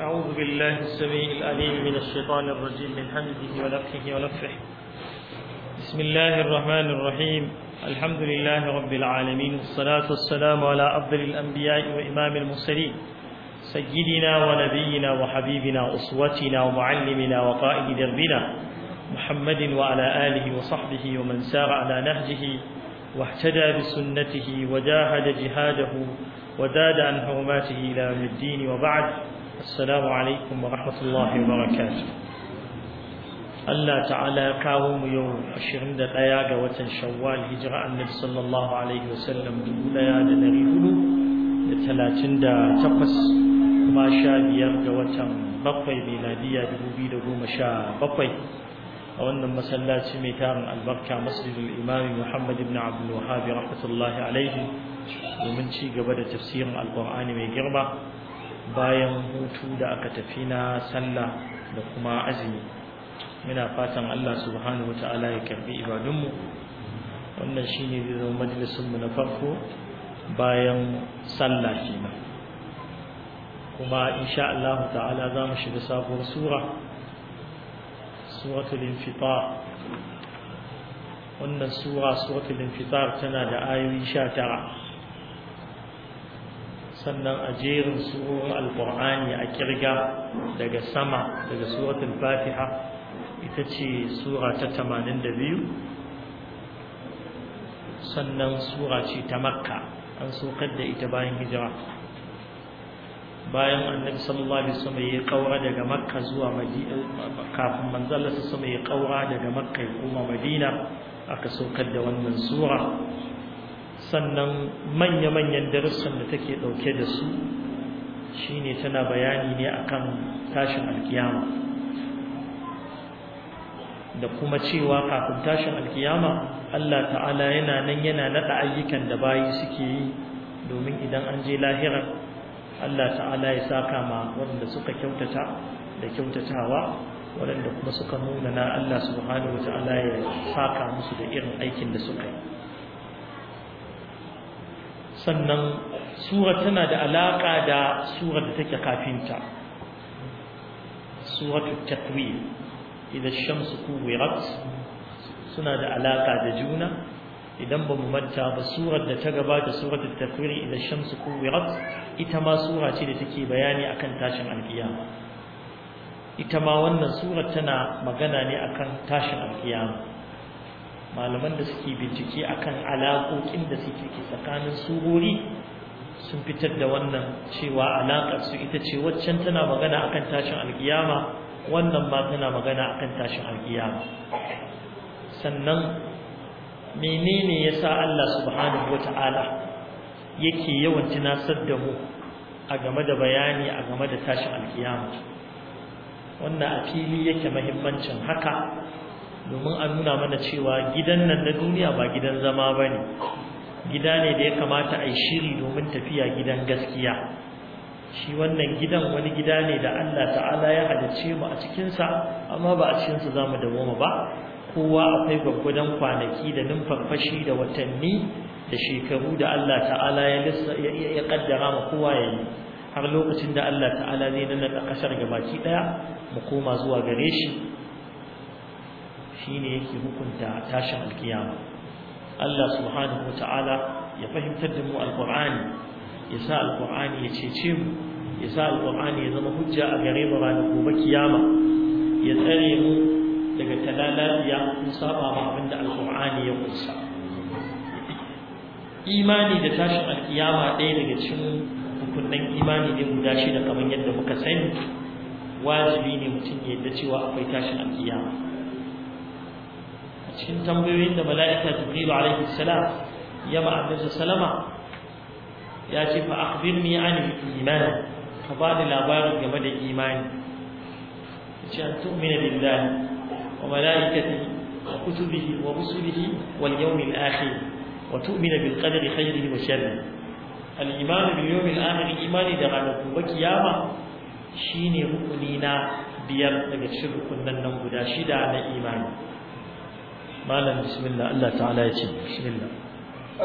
أعوذ بالله السميع العليم من الشيطان الرجيم من حمده ونفخه ولفه بسم الله الرحمن الرحيم الحمد لله رب العالمين والصلاة والسلام على أفضل الأنبياء وإمام المرسلين سيدنا ونبينا وحبيبنا أسوتنا ومعلمنا وقائد دربنا محمد وعلى آله وصحبه ومن سار على نهجه واهتدى بسنته وجاهد جهاده وداد عن حرماته إلى يوم الدين وبعد السلام عليكم ورحمة الله وبركاته الله تعالى كاوم يوم عشرين دقيقة وتنشوال هجرة النبي صلى الله عليه وسلم دقول يا دنري هلو لثلاثين دا تقص ما شاء بيرجى وتن بقي ميلادية دبوبي دقوم شاء بقي وأن مسلات سميتار البركة مسجد الإمام محمد بن عبد الوهاب رحمة الله عليه ومن شيء قبل تفسير القرآن من جربه bayan hutu da aka tafi na sallah da kuma azumi muna fatan Allah subhanahu ta'ala ya karbi ibadunmu wannan shine zai zama majalisunmu na farko bayan sallah kenan kuma insha Allah ta'ala za mu shiga sabuwar sura suratul infitar wannan sura suratul infitar tana da ayoyi sha tara. sannan a jerin surorin alkur'ani a kirga daga sama daga suratul fatiha ita ce sura ta biyu. sannan sura ce ta makka an saukar da ita bayan hijira bayan annabi sallallahu alaihi wasallam ya kaura daga makka zuwa madina kafin manzon Allah sallallahu ya kaura daga makka ya koma madina aka saukar da wannan sura sannan manya-manyan darussan da take ɗauke da su shine tana bayani ne a kan tashin alkiyama da kuma cewa kafin tashin alkiyama Allah ta'ala yana nan yana naɗa ayyukan da bayi suke yi domin idan an je lahirar Allah ta'ala ya saka ma wanda suka kyautata da kyautatawa waɗanda kuma suka nuna na Allah subhanahu wa ta'ala ya saka musu da irin aikin da suka yi sannan sura tana da alaƙa da surar da take kafinta suratu takwir idan shamsu kuwirat suna da alaƙa da juna idan ba mu manta ba surar da ta gabata surar takwir idan shamsu kuwirat ita ma sura ce da take bayani akan tashin alkiyama ita ma wannan surar tana magana ne akan tashin alkiyama malaman da suke bincike akan alaƙoƙin da suke ke tsakanin surori sun fitar da wannan cewa alaƙar su ita ce waccan tana magana akan tashin alƙiyama, wannan ma tana magana akan tashin alkiyama sannan menene yasa Allah subhanahu wata'ala yake yawan tunasar da mu a game da bayani a game da tashin alkiyama wannan a fili yake mahimmancin haka domin a nuna mana cewa gidan nan na duniya ba gidan zama ba ne gida ne da ya kamata a yi shiri domin tafiya gidan gaskiya shi wannan gidan wani gida ne da Allah ta'ala ya halice mu a cikinsa amma ba a cikinsa za mu dawoma ba kowa akwai gwaggwadon kwanaki da numfarfashi da watanni da shekaru da Allah ta'ala ya kaddara ma kowa ya yi har lokacin da Allah ta'ala zai nuna ƙasar gabaki ɗaya mu koma zuwa gare shi shine yake hukunta tashin alkiyama Allah subhanahu ta'ala ya fahimtar da mu alqur'ani ya sa alqur'ani ya cece mu ya sa alqur'ani ya zama hujja a gare mu ranar gobe kiyama ya tsare mu daga talalafiya mun saba ma abinda alqur'ani ya kunsa imani da tashin alkiyama ɗaya daga cikin hukunnan imani ne guda shida kamar yadda muka sani wajibi ne mutum ya yadda cewa akwai tashin alkiyama cikin tambayoyin da mala'ika jibril alaihi salam ya ma annabi sallama ya ce fa akhbirni an iman ka ba ni labarin game da imani ce an tu'mina billahi wa mala'ikatihi wa kutubihi wa rusulihi wal yawmil akhir wa tu'mina bil qadri khayrihi wa sharrihi al iman bil yawmil akhir imani da ranar gobe kiyama shine rukuni na biyar daga cikin rukunan nan guda shida na imani قال بسم الله الله تعالى يجب بسم الله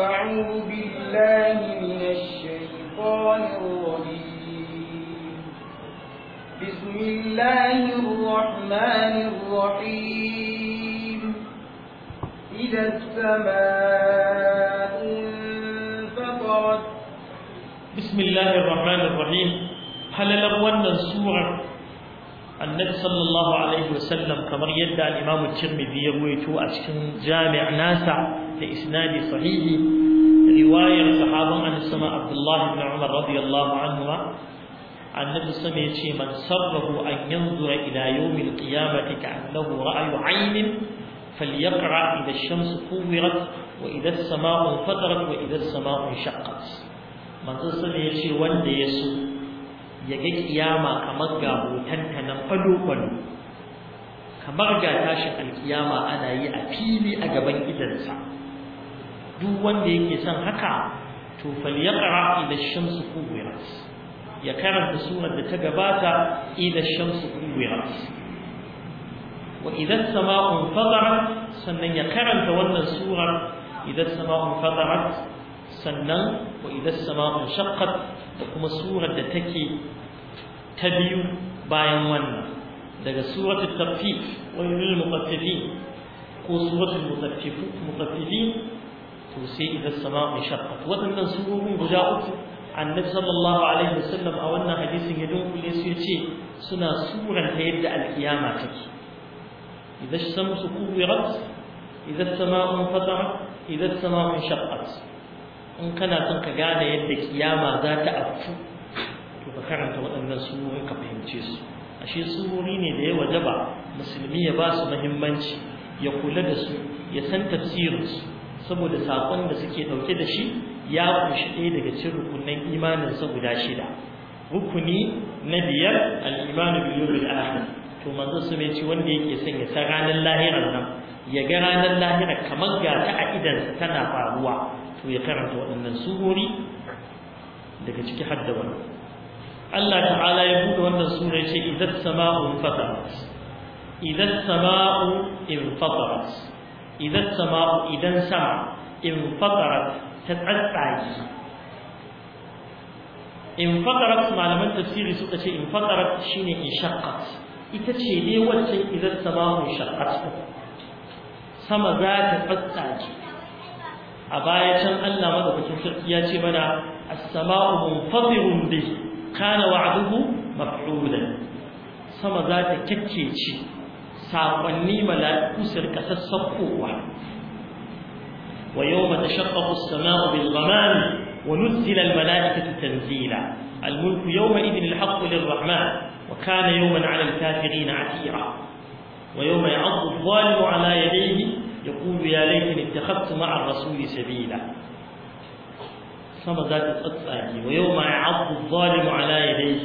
أعوذ بالله من الشيطان الرجيم بسم الله الرحمن الرحيم إذا السماء انفطرت بسم الله الرحمن الرحيم هل لو أن سورة annabi sallallahu alaihi wasallam kamar yadda al-imam tirmidhi ya ruwaito a cikin jami' nasa da isnadi sahihi riwayar sahaban sama abdullah ibn umar radiyallahu anhu annabi sama yace man sarrahu an yanzura ila yawm al-qiyamati ka'annahu ra'yu 'aynin falyaqra ila ash-shams kuwirat wa ila as-sama'u fatarat wa ila as-sama'u shaqqat manzo sama yace wanda yaso ya ga kiyama kamar ga hotanta nan fado-fado kamar ga tashin alkiyama ana yi a fili a gaban idansa duk wanda yake son haka to falyaqra ila shamsi kuwirat ya karanta surar da ta gabata ila shamsi kuwirat wa idan sama'un fadarat sannan ya karanta wannan surar idan sama'un fadarat sannan wa idan sama'un shaqqat da kuma surar da take ta biyu bayan wannan daga suratul tafi wailul mutaffifin ko suratul mutaffifin mutaffifin to sai idan sama'u shaqqat wadannan surorin guda uku annabi sallallahu alaihi wasallam a wannan hadisin ya dunkule su yace suna suranta yadda alkiyama take idan shamsu kuwirat idan sama'u fatarat idan sama'u shaqqat in kana son ka gane yadda kiyama za ta afku to ka karanta waɗannan sunori ka fahimce su ashe sunori ne da ya wajaba musulmi ya ba su muhimmanci ya kula da su ya san tafsirinsu saboda saƙon da suke ɗauke da shi ya ƙunshi ɗaya daga cikin rukunin imaninsa guda shida rukuni na biyar al'imanu bil yawmil akhir to manzo su mai ci wanda yake son ya san ranar lahirar nan ya ga ranar lahirar kamar ga ta a idan tana faruwa to ya karanta waɗannan sunori daga ciki har da Allah ta'ala ya buɗe wannan sura ya ce idan sama'u fatarat idan sama'u in fatarat idan sama'u idan sama in fatarat ta tsatsaki in fatarat malaman tafsiri suka ce in fatarat shine in shaqqat ita ce ne wancan idan sama'u shaqqat sama za ta tsatsaki a baya can Allah madaukakin sarki ya ce mana as-sama'u munfatirun bihi كان وعده مفعولا سما ذات كككي ساقني ملائكو سرك تسقوا ويوم تشقق السماء بالغمام ونزل الملائكة تنزيلا الملك يومئذ الحق للرحمن وكان يوما على الكافرين عسيرا ويوم يعض الظالم على يديه يقول يا ليتني اتخذت مع الرسول سبيلا sama za ta tsatsage wa yau ma ya abu zalimu ala ya dai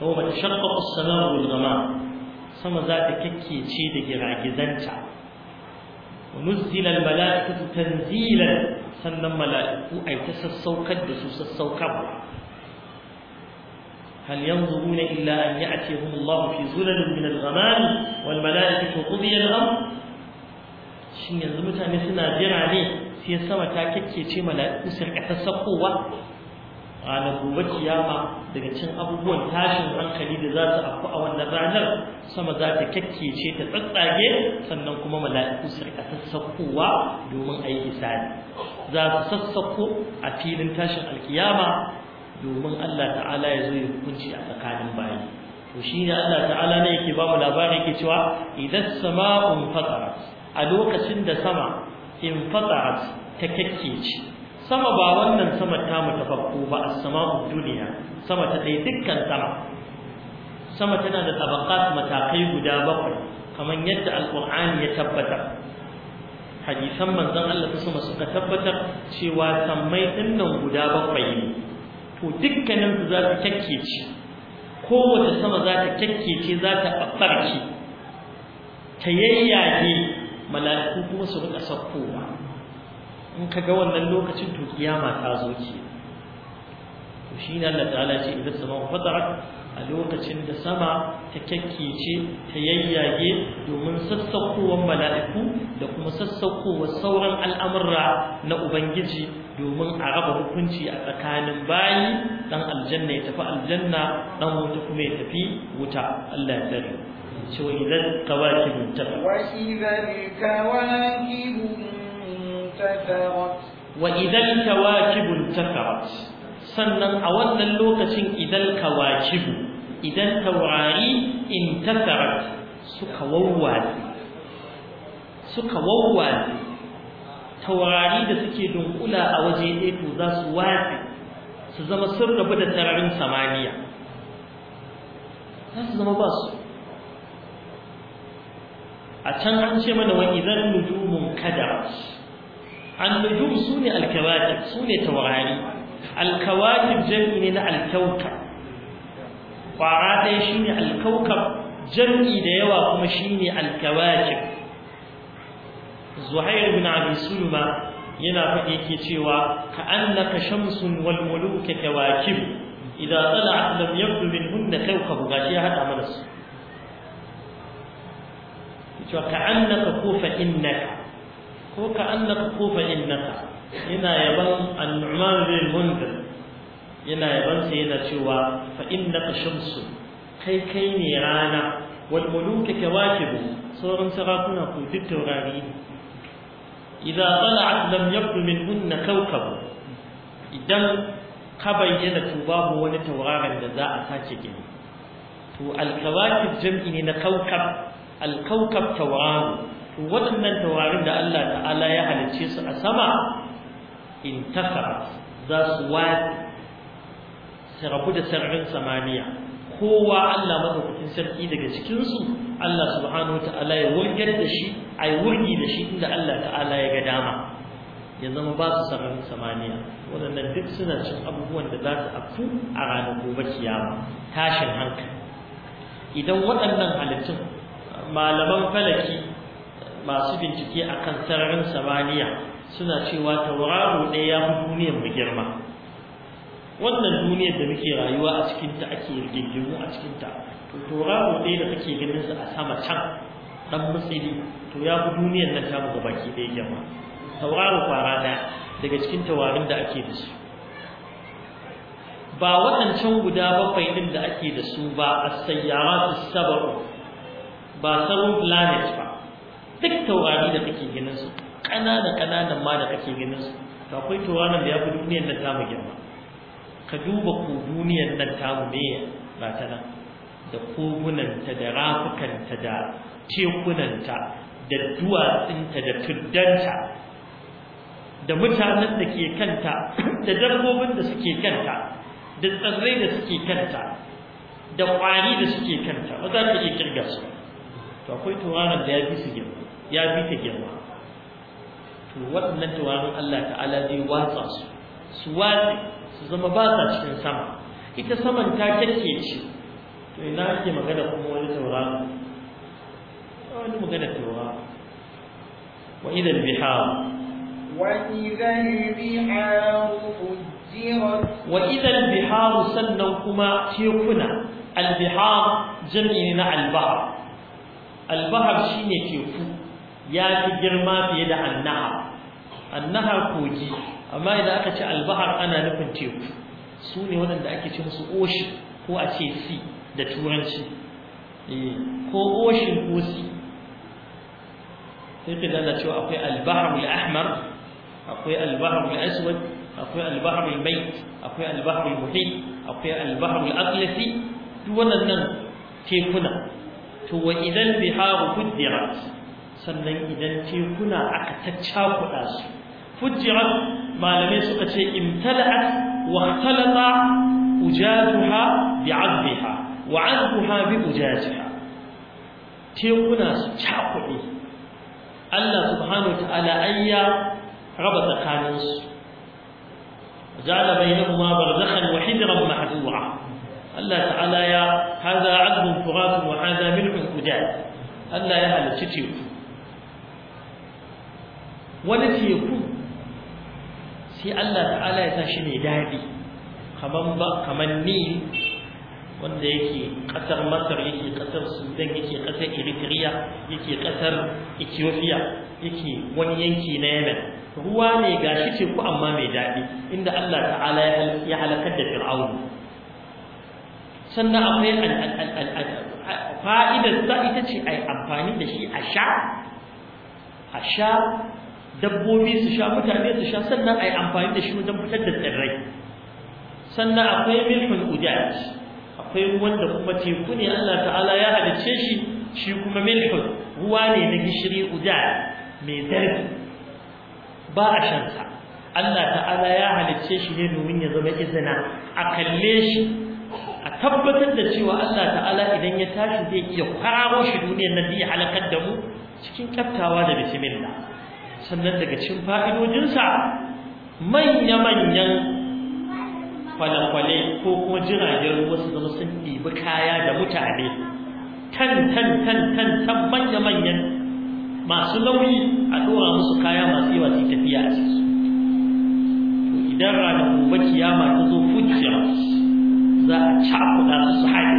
yau ma ta shakka kusurnar gulgama sama za ta kyakkece da giragizanta wa nuzzilan mala'ikatu tanzilan sannan mala'iku ai ta sassaukar da su sassaukarwa هل ينظرون إلا أن يأتيهم الله في زلل من الغمام والملائكة قضي الأمر شن يزمتها مثلنا جرع ليه sai sama ta kyakkece mala'iku su rika a ranar gobe kiyama daga cin abubuwan tashin hankali da za su afku a wannan ranar sama za ta kyakkece ta tsattsage sannan kuma mala'iku su rika domin a yi isani za su sassako a filin tashin alkiyama domin Allah ta'ala ya zo ya hukunci a tsakanin bayi to shine Allah ta'ala ne yake ba mu labari yake cewa idan sama'un fatarat a lokacin da sama in fatarat ta kakkece sama ba wannan sama ta mu ta farko ba as-sama'u dunya sama ta dai dukkan sama sama tana da tabaqat matakai guda bakwai kamar yadda alqur'ani ya tabbata hadisan manzon Allah sama suka tabbatar cewa sammai dinnan guda bakwai ne to dukkanin su za su kakkece kowace sama za ta kakkece za ta babbarki ta yayyage mala'iku kuma su rika sakkowa in ka ga wannan lokacin to kiyama ta zo ce to shi ne Allah ta'ala ce idan sama fatarat a lokacin da sama ta kyakkece ta yayyage domin sassaukowar mala'iku da kuma sassaukowar sauran al'amurra na Ubangiji domin a raba hukunci a tsakanin bayi ɗan aljanna ya tafi aljanna ɗan wuta kuma ya tafi wuta Allah ya tsare. wa وإذا الكواكب انتفرت وإذا الكواكب انتفرت وإذا الكواكب انتفرت sannan a wannan lokacin idan kawakibu idan taurari intasarat suka wawwace suka wawwace taurari da suke dunkula a waje ɗaya to za su watse su zama sun rabu da sararin samaniya za su zama ba su a can an ce mana wa idan nujumun kada an nujum su ne alkawatib su ne taurari alkawatib jami ne na alkauka kwara ɗaya shi ne alkauka jami da yawa kuma shi ne alkawatib zuhair bin abi sulma yana faɗi ke cewa ka annaka shamsun wal muluka kawakib idan tala'at lam yabdu minhunna kawkabu gashi ya haɗa mana su cewa ka annaka ko fa innaka ko ka annaka ko fa innaka yana yaban annuman bin munzir yana yaban sai yana cewa fa innaka shamsu kai kai ne rana wal muluka kawakibu sauran sarakuna ko duk taurari ne idza tala'at lam yabdu minhunna kawkab idan ka bayyana to babu wani tauraron da za a sace gini to al-kawa alkawakib jam'i ne na kawkab alkaukab tawaru to waɗannan tawarin da Allah ta'ala ya halicce su a sama in intakara za su wadi su rabu da sararin samaniya kowa Allah madaukakin sarki daga cikinsu Allah subhanahu ta'ala ya wurgar da shi a yi wurgi da shi inda Allah ta'ala ya ga dama ya zama ba su sararin samaniya waɗannan duk suna cin abubuwan da za su afu a ranar gobe kiyama tashin hankali idan waɗannan halittun malaman falaki masu bincike a kan sararin samaniya suna cewa tauraro ɗaya ya fi duniyar mu girma wannan duniyar da muke rayuwa a cikinta ake rigingimu a cikinta to tauraro ɗaya da kake ganin sa a sama can dan mutsili to ya fi duniyar nan tamu ga baki ɗaya girma tauraro fara ɗaya daga cikin tawarin da ake da su ba waɗancan guda bakwai ɗin da ake da su ba a sayyara su sabaru ba sauran planet ba duk taurari da kake ganin su ƙanana ƙananan ma da kake ganin su to akwai tauraron da ya fi duniyar nan tamu girma ka duba ku duniyar nan tamu ne ba ta nan da kogunanta da rafukanta da tekunanta da duwatsinta da tuddanta da mutanen da ke kanta da dabbobin da suke kanta da tsirrai da suke kanta da kwari da suke kanta ba za ka iya kirga su to akwai tauraron da ya fi su girma ya fi ta girma to waɗannan tauraron Allah ta'ala zai watsa su su watsi su zama ba sa cikin sama ita saman ta kyakkece to ina ake magana kuma wani tauraro wani magana tauraro wa idan bihar وإذا البحار Wa idan البحار sannan kuma تيكنا البحار جمعنا البحر albahar shine teku ya fi girma fiye da annahar annahar kogi amma idan aka ce albahar ana nufin teku su ne waɗanda ake cin musu oshi ko a ce si da turanci eh, ko oshin ko si sai ka dana cewa akwai albahar ahmar akwai albahar aswad akwai albahar mai akwai albahar muhi akwai albahar atlafi duk waɗannan tekuna to wa idan biharu fujjirat sannan idan tekuna aka taccakuɗa su fujjirat malamai suka ce imtala'at wa ikhtalata ujajuha bi'azbiha wa 'azbuha bi ujajiha tekuna su cakuɗe Allah subhanahu wa ta'ala ayya raba tsakaninsu jala bainahuma barzakhan wa hijran mahdura Allah ta'ala ya hada azbun furat wa hada milhun qudad Allah ya halicci teku wani teku sai Allah ta'ala ya sa shi ne dadi kaman ba kaman ni wanda yake kasar Masar yake kasar Sudan yake kasar Eritrea yake kasar Ethiopia yake wani yanki na Yemen ruwa ne gashi teku amma mai dadi inda Allah ta'ala ya halakar da Fir'auna sannan akwai fa'idar sa ita ce a yi amfani da shi a sha a sha dabbobi su sha mutane su sha sannan a yi amfani da shi wajen fitar da tsirrai sannan akwai milkun udaj akwai ruwan da kuma teku ne Allah ta'ala ya halice shi shi kuma milkun ruwa ne na gishiri udaj mai zarfi ba a shansa Allah ta'ala ya halicce shi ne domin ya zama izina a kalle shi a tabbatar da cewa Allah ta'ala idan ya tashi zai iya kwararo shi duniyar nan zai halakar da mu cikin kyaftawa da bisimilla sannan daga cikin fa'idojinsa manya-manyan kwale-kwale ko kuma jiragen ruwa su zama sun ɗibi kaya da mutane tan tan tan tan manya-manyan masu nauyi a ɗora musu kaya masu yawa su tafiya a cikinsu idan Rana gobe kiyama ta zo fujiya za a cakuɗa su su haɗe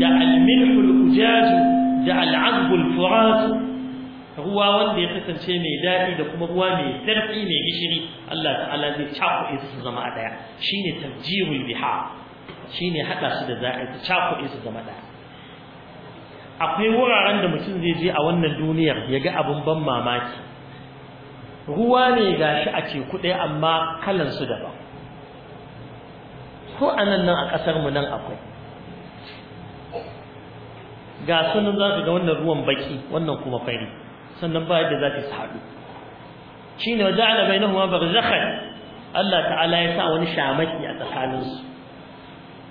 da almilhul ujaju da al'azbul furat ruwa wanda ya kasance mai daɗi da kuma ruwa mai zarfi mai gishiri Allah ta'ala zai cakuɗe su zama a ɗaya shine tabjirul biha shine haɗa su da za a cakuɗe su zama ɗaya akwai wuraren da mutum zai je a wannan duniyar ya ga abin ban mamaki ruwa ne gashi a teku kuɗe amma kalansu daban ko a nan nan a ƙasar mu nan akwai ga sunan za ga wannan ruwan baki wannan kuma fari sannan ba yadda za ta su haɗu shine wa ja'ala bainahuma barzakhan Allah ta'ala ya sa wani shamaki a tsakaninsu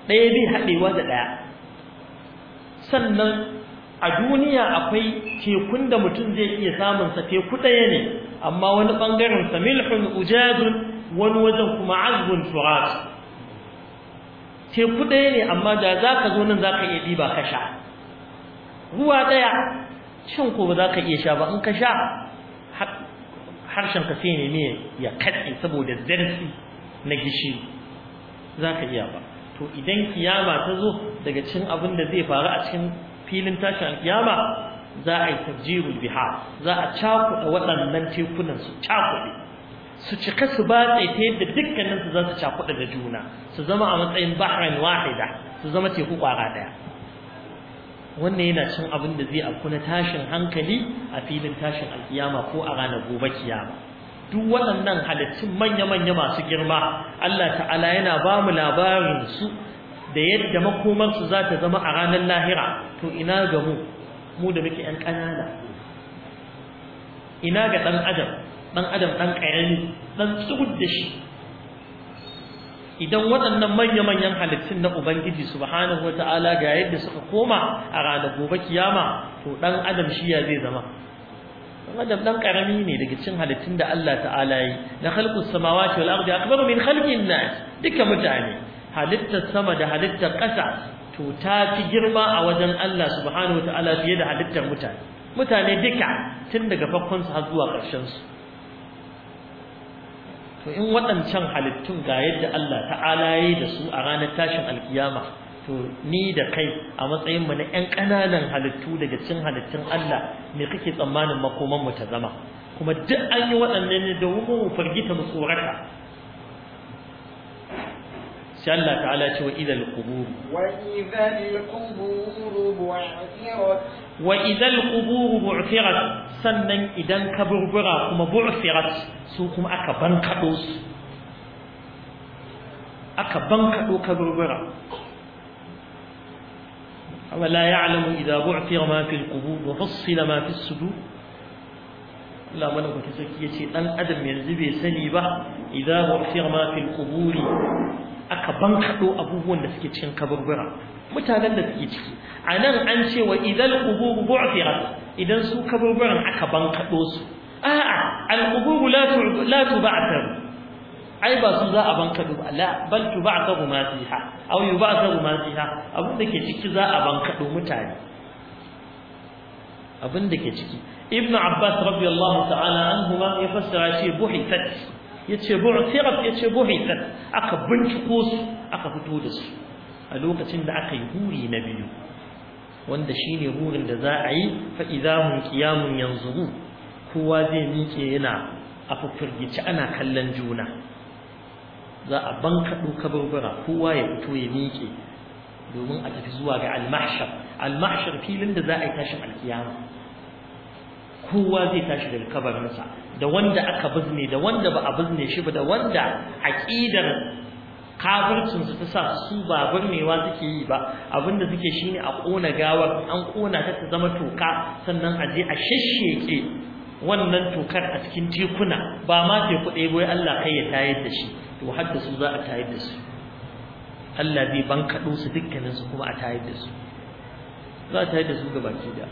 ɗaya bai haɗewa da ɗaya sannan a duniya akwai tekun da mutum zai iya samun sa teku ɗaya ne amma wani ɓangaren sa milhun ujadun wani wajen kuma azbun furat teku ɗaya ne amma da za ka zo nan za ka iya ɗiba ka sha ruwa ɗaya cin ko ba za ka iya sha ba in ka sha harshen ka sai ya katse saboda zarfi na gishiri za ka iya ba to idan kiyama ta zo daga cin abin da zai faru a cikin filin tashin kiyama za a yi tajirul biha za a cakuɗa waɗannan tekunan su cakuɗe su cika su batse ta yadda dukkanin su za su cakuɗa da juna su zama a matsayin bahrain wahida su zama teku kwara ɗaya wannan yana cin abin da zai afku na tashin hankali a filin tashin alkiyama ko a ranar gobe kiyama duk waɗannan halittun manya-manya masu girma Allah ta'ala yana ba mu labarin su da yadda makomarsu za ta zama a ranar lahira to ina ga mu mu da muke 'yan ƙanana ina ga ɗan adam dan adam dan ƙarami dan tsugud da shi idan waɗannan manya-manyan halittun na ubangiji subhanahu wata'ala ga yadda suka koma a ranar gobe kiyama to dan adam shi ya zai zama dan adam dan ƙarami ne daga cikin halittun da Allah ta'ala yi na khalqus samawati wal ardi akbaru min khalqin nas duka mutane halittar sama da halittar ƙasa to ta fi girma a wajen Allah subhanahu wa ta'ala fiye da halittar mutane mutane duka tun daga farkon su har zuwa ƙarshen su to in waɗancan halittun ga yadda Allah ta'ala ya da su a ranar tashin alkiyama to ni da kai a matsayin mu na ƴan ƙananan halittu daga cikin halittun Allah me kake tsammanin makoman mu ta zama kuma duk an yi waɗannan ne domin mu fargita mu tsorata sai Allah ta'ala ce wa idal qubur wa idal qubur bu'thirat wa idal qubur bu'thirat sannan idan kaburbura kuma bu'thirat su kuma aka bankado su aka bankado kaburbura ولا يعلم إذا بعثر ما في القبور وفصل ما في الصدور لا من كنت adam أن أدم sani ba به إذا ma ما في القبور aka bankaɗo abubuwan da suke cikin kaburbura mutanen da suke ciki a nan an ce wa idan kuburu bu'firat idan su kaburburan aka bankaɗo su a'a al-quburu la tub'athar ai ba su za a bankaɗo ba la bal tub'atharu ma fiha aw yub'atharu ma fiha abin da ke ciki za a bankaɗo mutane abin da ke ciki ibnu abbas radiyallahu ta'ala anhuma ya fassara shi buhithat yace bu'thirat yace buhithat aka binciko su aka fito da su a lokacin da aka yi huri na biyu wanda shine hurin da za a yi fa idahum yanzu yanzuru kowa zai miƙe yana a firgici ana kallon juna za a banka duka burbura kowa ya fito ya miƙe domin a tafi zuwa ga almashar mahshar filin da za a yi tashin alkiyama kowa zai tashi daga kabarinsa da wanda aka bizne da wanda ba a bizne shi ba da wanda aqidar kafircin su ta sa su ba burnewa suke yi ba abinda suke shine a kona gawar an kona ta ta zama toka sannan a je a shashsheke wannan tokar a cikin tekuna ba ma teku ɗaya bai Allah kai ya tayar da shi to har da su za a tayar da su Allah zai bankaɗo su dukkanin su kuma a tayar da su za a tayar da su gabaki da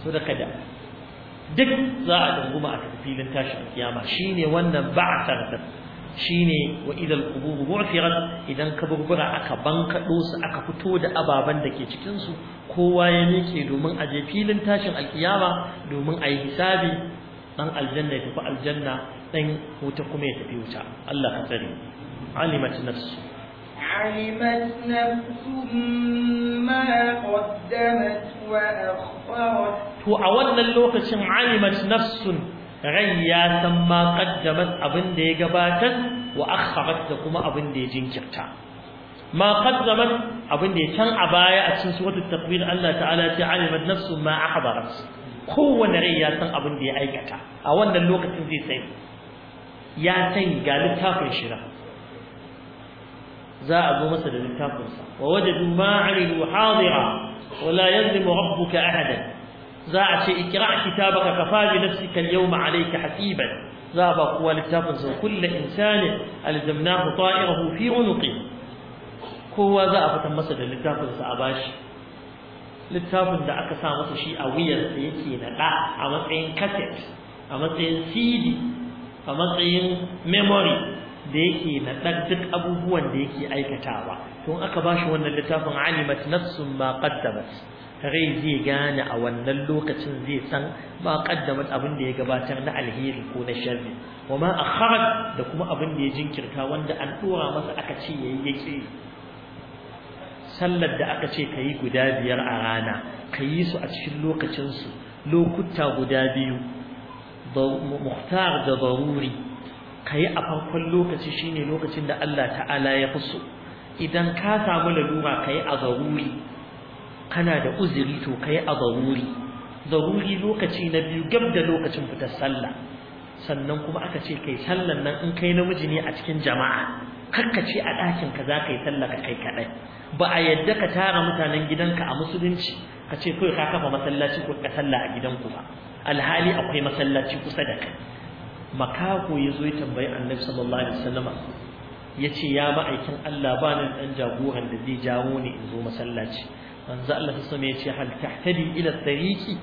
so da kada duk za a dunguma a filin tashin kiyama shine wannan ba'atar da shine wa idal qubur bu'thirat idan kaburbura aka bankado su aka fito da ababan da ke cikinsu, kowa ya miƙe domin a je filin tashin alkiyama domin a yi hisabi dan aljanna ya tafi aljanna dan wuta kuma ya tafi wuta Allah ka tsare alimat nafs alimat nafs ma qaddamat to a wannan lokacin alimat nafsun ran ya san ma qaddamat abin da ya gabatar wa akharat da kuma abin da ya jinkirta ma qaddamat abin da ya can a baya a cikin suratul takwir Allah ta'ala ta alimat nafsun ma akhbarat kowanne rai ya san abin da ya aikata a wannan lokacin zai sai ya sani ga littafin shira za a zo masa da littafinsa wa wajadu ma alimu hadira wala yazlimu rabbuka ahadan za a ce ikra kitabaka kafa bi nafsika al-yawma alayka hasiban za ba kuwa littafin sa kullu insani alzamnahu ta'irahu fi unqi kowa za a fitan masa da littafin sa a bashi littafin da aka sa masa shi a wuyar sa yake naɗa a matsayin cassette a matsayin CD a matsayin memory da yake naɗa duk abubuwan da yake aikatawa to aka bashi wannan littafin alimat nafsun ma qaddamat rai zai gane a wannan lokacin zai san ma kaddamat abin da ya gabatar na alheri ko na sharri wa ma akharat da kuma abin da ya jinkirta wanda an dora masa aka ce yayi yake sallar da aka ce kayi guda biyar a rana kayi su a cikin lokacin su lokuta guda biyu muhtar da daruri kayi a farkon lokaci shine lokacin da Allah ta'ala ya fi so idan ka samu lalura kayi a daruri kana da uzuri to kai a zaruri zaruri lokaci na biyu gab da lokacin fitar sallah sannan kuma aka ce kai sallan nan in kai namiji ne a cikin jama'a kakka ce a ɗakin ka za ka yi sallah ka kai kaɗai ba a yadda ka tara mutanen gidanka a musulunci ka ce kawai ka kafa masallaci ko ka sallah a gidanku ba alhali akwai masallaci kusa da kai makaho ya zo ya tambayi annabi sallallahu alaihi wasallama ya ce ya ma'aikin Allah ba ni ɗan jagoran da zai jawo ni in zo masallaci manzo Allah sallallahu alaihi ce hal tahtadi ila tariqi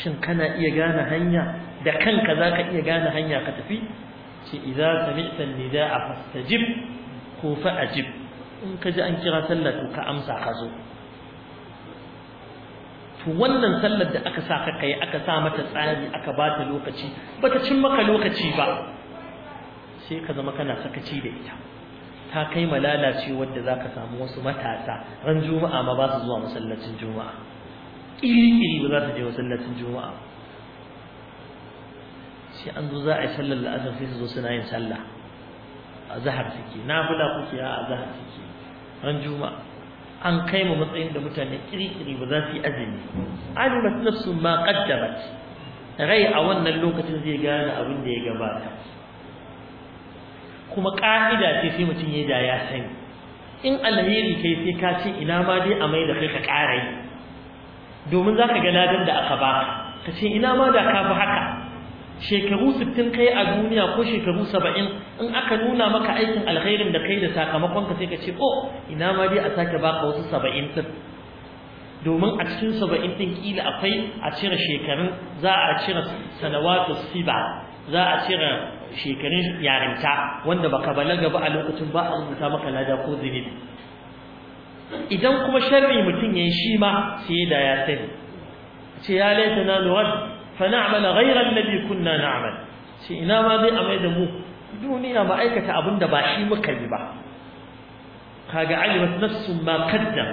shin kana iya gane hanya da kanka zaka iya gane hanya ka tafi ce idza sami'ta nidaa fastajib ko fa'ajib in ka ji an kira sallah ka amsa ka zo to wannan sallar da aka sa ka kai aka sa mata tsari aka ba ta lokaci bata cin maka lokaci ba sai ka zama kana sakaci da ita ta kai ma lalace wadda zaka samu wasu matasa ran juma'a ma ba su zuwa masallacin juma'a ƙiri ba za ta je masallacin juma'a sai an zo za a yi sallar la'asar sai su zo suna yin sallah a zahar suke na fula kuke a zahar suke ran juma'a an kai ma matsayin da mutane ƙiri-ƙiri ba za su yi azumi na nafsu ma qaddamat rai a wannan lokacin zai gane abin da ya gabata kuma ka'ida ce sai mutum ya da ya sani in alheri kai sai ka ce ina ma dai a mai da kai ka ƙara yi domin za ka ga ladar da aka ba ka ce ina ma da ka fi haka shekaru sittin kai a duniya ko shekaru saba'in in aka nuna maka aikin alherin da kai da sakamakon ka sai ka ce o oh, ina ma dai a sake baka wasu saba'in domin a cikin saba'in din kila akwai a cire shekarun za a cire sanawatu siba za a cire shekarun yarinta wanda baka balaga ba a lokacin ba a rubuta maka lada ko zunubi idan kuma sharri mutum yi shi ma sai da ya sani ce ya laifin na nurad fa na'mala ghayra alladhi kunna na'mal shi ina ma zai amai da mu duniya ba aikata abin da ba shi muka yi ba kaga alimat nafsun ma qaddam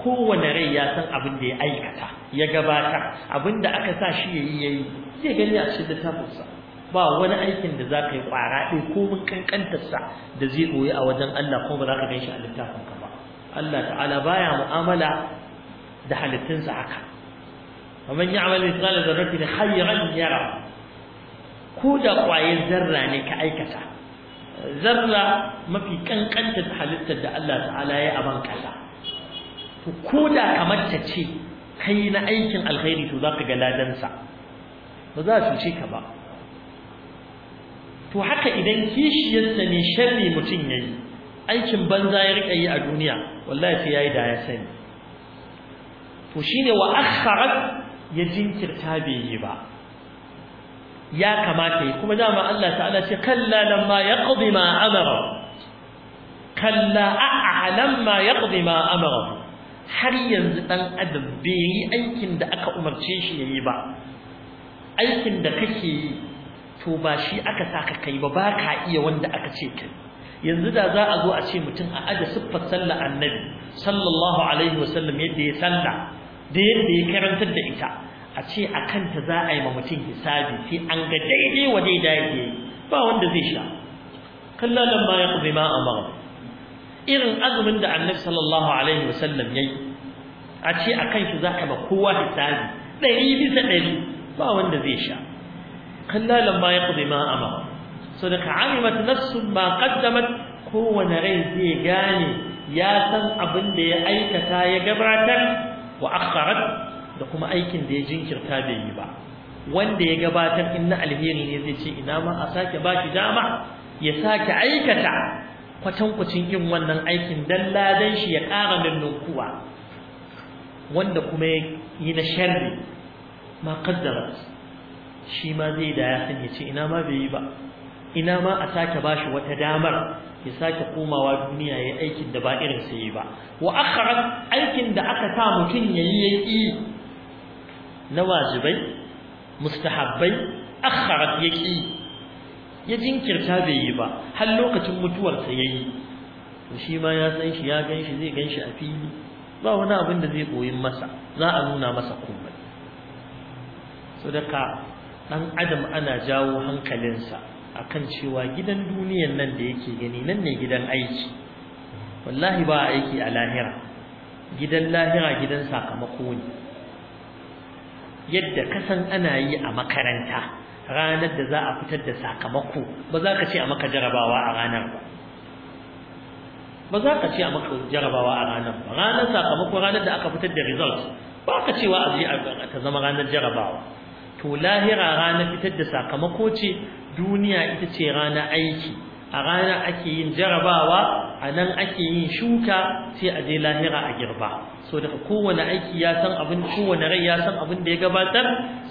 kowane rai ya san abin da ya aikata ya gabata abin da aka sa shi yayi yayi zai gani a cikin littafinsa ba wani aikin da za ka yi ƙwara ɗaya ko mun kankantarsa da zai koyi a wajen Allah ko ba za ka shi a littafin ka ba Allah ta'ala baya mu'amala da halittunsa haka ومن يعمل مثقال ذرة خيرا يرى كودا قوايا zarra ne ka aikata. zarra mafi kankanta halittar da Allah ta'ala ya aban kasa to kamar ta ce kai na aikin alkhairi to zaka ga ladansa ba za su ce ka ba to haka idan kishiyarsa ne sharri mutum yayi aikin banza ya rika yi a duniya wallahi sai yayi da ya sani to shine wa akharat ya jinkirta bai yi ba ya kamata yi kuma dama Allah ta'ala ce kalla lamma yaqdi ma amara kalla a'a lamma yaqdi ma amara har yanzu dan adam bai yi aikin da aka umarce shi yayi ba aikin da kake yi to ba shi aka saka kai ba ba ka iya wanda aka ce kai yanzu da za a zo a ce mutum a aje siffar sallar annabi sallallahu alaihi wasallam yadda ya sallah da yadda ya karantar da ita a ce a kanta za a yi ma mutum hisabi sai an ga daidai wa daidai yake ba wanda zai sha kalla lam ma yaqdi ma amara irin azumin da annabi sallallahu alaihi wasallam yayi a ce a kan za ka ba kowa hisabi ɗari bisa ɗari ba wanda zai sha kallalan ma yaqdi ma amara sadaka alimat nafsun ma qaddamat kowane rai zai gane ya san abin da ya aikata ya gabatar wa akharat da kuma aikin da ya jinkirta bai yi ba wanda ya gabatar in na alheri ne zai ce ina ma a sake ba shi dama ya sake aikata kwatankwacin yin wannan aikin dan ladan shi ya ƙara nunkuwa wanda kuma ya yi na sharri ma qaddarat shi ma zai da ya sani ce ina ma bai yi ba ina ma a sake bashi wata damar ya sake komawa duniya ya aikin da ba irin sa yi ba wa akhara aikin da aka sa mutun yayi yaki na wajibai mustahabbai akhara yaki ya jinkirta bai yi ba har lokacin mutuwar sa yayi to shi ma ya san shi ya ganshi zai ganshi a fili ba wani abin da zai koyi masa za a nuna masa komai so ɗan adam ana jawo hankalinsa akan cewa gidan duniyan nan da yake gani nan ne gidan aiki wallahi ba aiki a lahira gidan lahira gidan sakamako ne yadda kasan ana yi a makaranta ranar da za a fitar da sakamako ba za ka ce a maka jarabawa a ranar ba ba za ka ce a maka jarabawa a ranar ba ranar sakamako ranar da aka fitar da result ba ka cewa a ta zama ranar jarabawa to lahira ranar fitar da sakamako ce duniya ita ce rana aiki a rana ake yin jarabawa a nan ake yin shuka sai a je lahira a girba so daga kowane aiki ya san abin kowane rai ya san abin da ya gabatar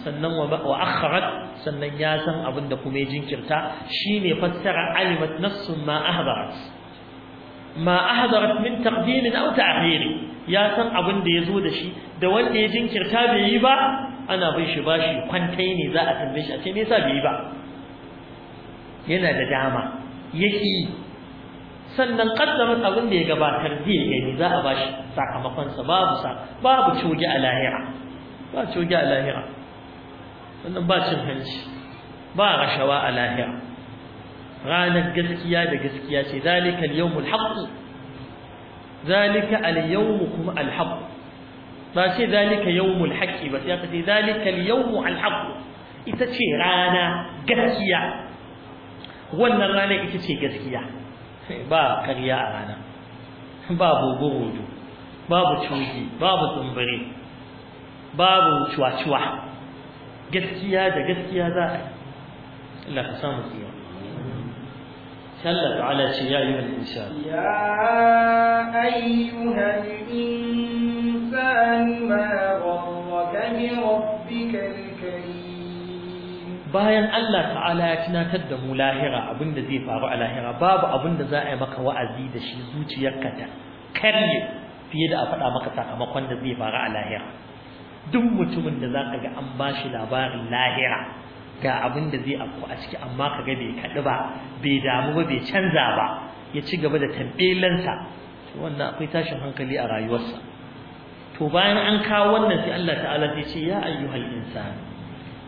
sannan wa akharat sannan ya san abin da kuma ya jinkirta shine fassara alimat nafsun ma ahdarat ma ahdarat min taqdim aw ta'khir ya san abin da ya zo da shi da wanda ya jinkirta bai yi ba ana bin shi bashi kwantai ne za a tambaye shi a ce me yasa bai yi ba yana da dama yaki sannan kaddamat abin da ya gabatar zai gani za a bashi sakamakon sa babu sa babu coge a lahira ba coge a lahira sannan ba cin hanci ba rashawa a lahira ranar gaskiya da gaskiya ce zalika al-yawmul haqq zalika al-yawm kuma al-haqq ما ذلك يوم الحق بس يا فتي ذلك اليوم على الحق إتشي رانا قسيا وانا رانا شي قسيا باب قرياء رانا باب بغض باب تشويجي باب تنبري باب شوا شوا قسيا دا قسيا دا لا حسام الدين سلت على شيء من الإنسان يا أيها الإنسان bayan Allah ta'ala ya tunatar da mu lahira abin da zai faru a lahira babu abin da za a yi maka wa'azi da shi zuciyarka ta karye fiye da a faɗa maka sakamakon da zai faru a lahira duk mutumin da za ka ga an ba shi labarin lahira ga abin da zai afku a ciki amma ka ga bai kaɗi ba bai damu ba bai canza ba ya ci gaba da tambelansa wannan akwai tashin hankali a rayuwarsa to bayan an kawo wannan sai Allah ta'ala zai ce ya ayyuhal insan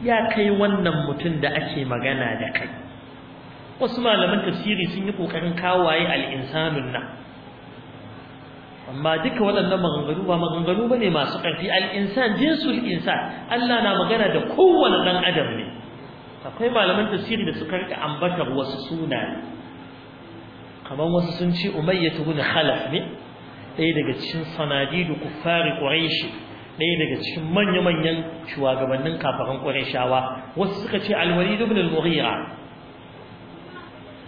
ya kai wannan mutum da ake magana da kai wasu malaman tafsiri sun yi kokarin kawaye al-insanun nan amma duka waɗannan maganganu ba maganganu bane masu ƙarfi al-insan jinsul insan Allah na magana da kowane dan adam ne akwai malaman tafsiri da suka rika ambatar wasu sunaye kamar wasu sun ce ta ibn khalaf ne ɗaya daga cikin sanadidu kufari quraishi ɗaya daga cikin manya-manyan shugabannin kafaran shawa, wasu suka ce al ibn al-mughira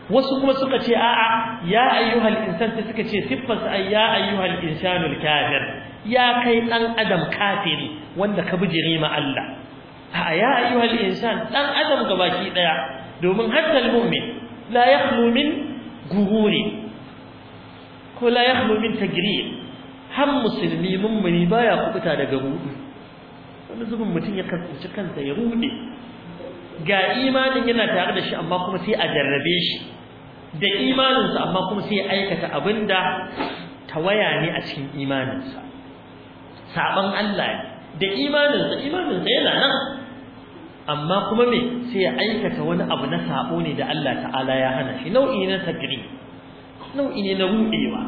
wasu kuma suka ce a'a ya ayyuhal insan sai suka ce siffas ay ya ayyuhal insanul kafir ya kai dan adam kafiri wanda ka bi ma Allah a ya ayyuhal insan dan adam gabaki daya domin hatta al-mu'min la yakhlu min gururi ko la hamu min tagrib har musulmi muni baya kubuta daga rudu wani zubin mutum ya kasance kansa ya rude ga imanin yana tare da shi amma kuma sai a jarrabe shi da sa amma kuma sai ya aikata abinda tawaya ne a cikin imaninsa saban Allah ne da imanin sa yana nan amma kuma me sai ya aikata wani abu na sabo ne da Allah ta'ala ya hana shi nau'i na takri nau'i ne na ruɗewa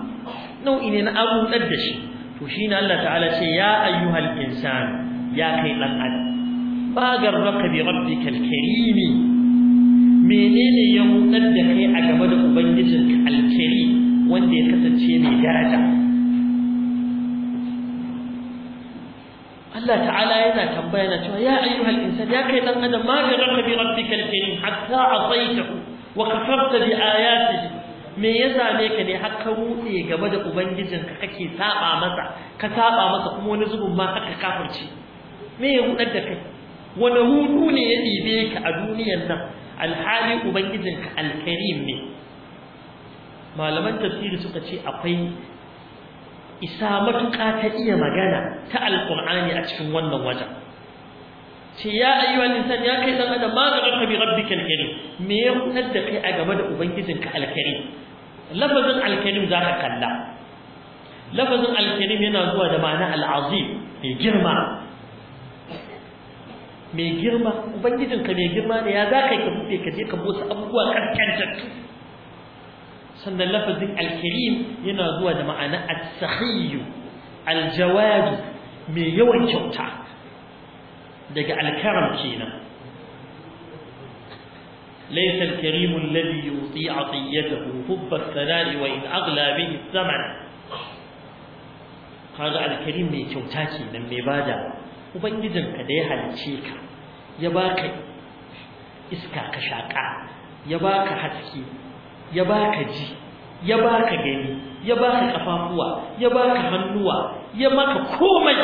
nau'i ne na abuɗar da shi to shi ne Allah ta'ala ce ya ayyuhal insan ya kai ɗan adam ba garraka bi rabbikal karimi menene ya ruɗar da kai a game da ubangijinka alkari wanda ya kasance mai daraja Allah ta'ala yana tambaya na cewa ya ayyuhal insan ya kai ɗan adam ma garraka bi rabbikal karim hatta asaitahu wa kafarta bi ayatihi me ya same ka ne har ka rutse gaba da ubangijinka kake saba masa ka saba masa kuma wani zubin ma haka kafirce me ya rudar da kai wani hudu ne ya ɗibe ka a duniyar nan alhali ubangijinka alkarim ne malaman tafsiri suka ce akwai isa matuƙa ta iya magana ta alƙur'ani a cikin wannan wajen ce ya ayyuhal insan ya kai dan adam ma ga rabbi rabbikal karim me ya huɗar da kai a game da ubangijinka alkarim lafazin alkarim za ka kalla lafazin alkarim yana zuwa da ma'ana al'azim mai girma mai girma ubangijinka mai girma ne ya za ka yi ka buɗe ka je ka busa abubuwa karkantattu sannan lafazin alkarim yana zuwa da ma'ana as-sakhiyyu al-jawad mai yawan kyauta daga alkaram kenan ليس الكريم الذي يطيع عطيته حب الثناء وإن أغلى به الثمن قال الكريم mai kyauta kenan mai bada ka da ya halice ka ya baka iska ka shaƙa ya baka haske ya baka ji ya baka gani ya baka kafafuwa ya baka hannuwa ya maka komai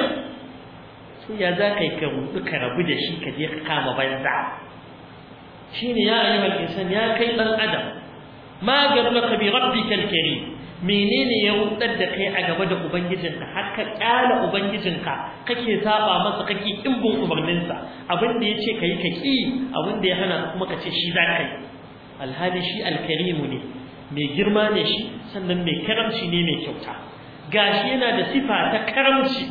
so ya za ka yi ka rabu da shi ka je ka kama banza shine ya ayyuhal insan ya kai dan adam ma gablaka bi rabbikal karim menene ya rudar da kai a gaba da ubangijinka har ka kyala ubangijinka kake saba masa kake dimbin umarninsa abin da yace kai ka ki abin da ya hana kuma ka ce shi za kai alhali shi alkarimu ne mai girma ne shi sannan mai karamci ne mai kyauta gashi yana da sifa ta karamci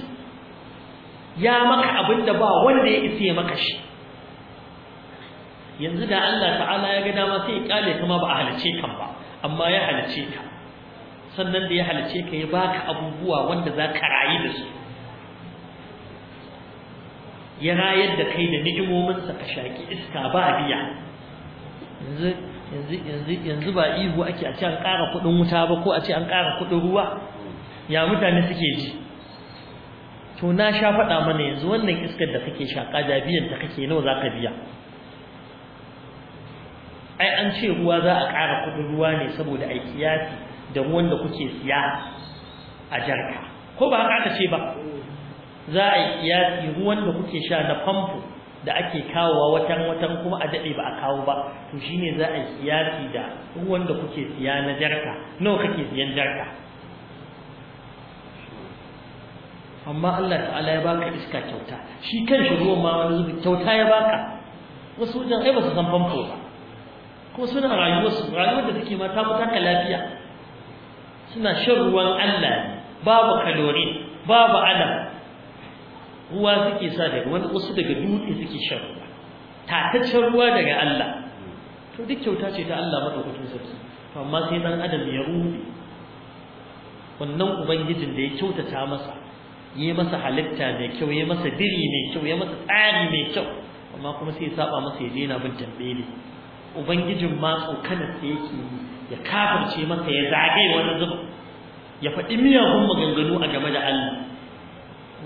ya maka abin da ba wanda ya isa ya maka shi yanzu da Allah ta'ala ya ga dama sai ya kale kuma ba a halice kan ba amma ya halice ka sannan da ya halice ka ya baka abubuwa wanda za ka rayu da su ya rayar da kai da sa ka shaki iska ba biya yanzu yanzu yanzu ba ihu ake a ce an ƙara kuɗin wuta ba ko a ce an ƙara kuɗin ruwa ya mutane suke ji to na sha faɗa mana yanzu wannan iskar da kake shaƙa da biyan ta kake nawa za ka biya an ce ruwa za a ƙara kudin ruwa ne saboda a kiyasi da ruwan da kuke siya a jarka ko ba haka aka ce ba za a yi ruwan da kuke sha na famfo da ake kawowa watan watan kuma a daɗe ba a kawo ba to shine za a yi kiyasi da ruwan da kuke siya na jarka nawa kake siyan jarka amma Allah ta'ala ya baka iska kyauta shi kan shi ruwan ma wani zubi kyauta ya baka wasu wajen ai ba su san famfo ba ko suna rayuwarsu rayuwar da take ma ta fi taka lafiya suna shan ruwan Allah babu kalori babu alam ruwa suke sa daga wani wasu daga dutse suke shan ruwa tataccen ruwa daga Allah to duk kyauta ce ta Allah madaukakin sarki amma sai dan adam ya rubi wannan ubangijin da ya kyautata masa yi masa halitta mai kyau yi masa biri mai kyau yi masa tsari mai kyau amma kuma sai ya saba masa ya daina bin ne. ubangijin ma tsokanarsa yake ya kafirce masa ya zagaye wani zuba ya faɗi miyagun maganganu a game da Allah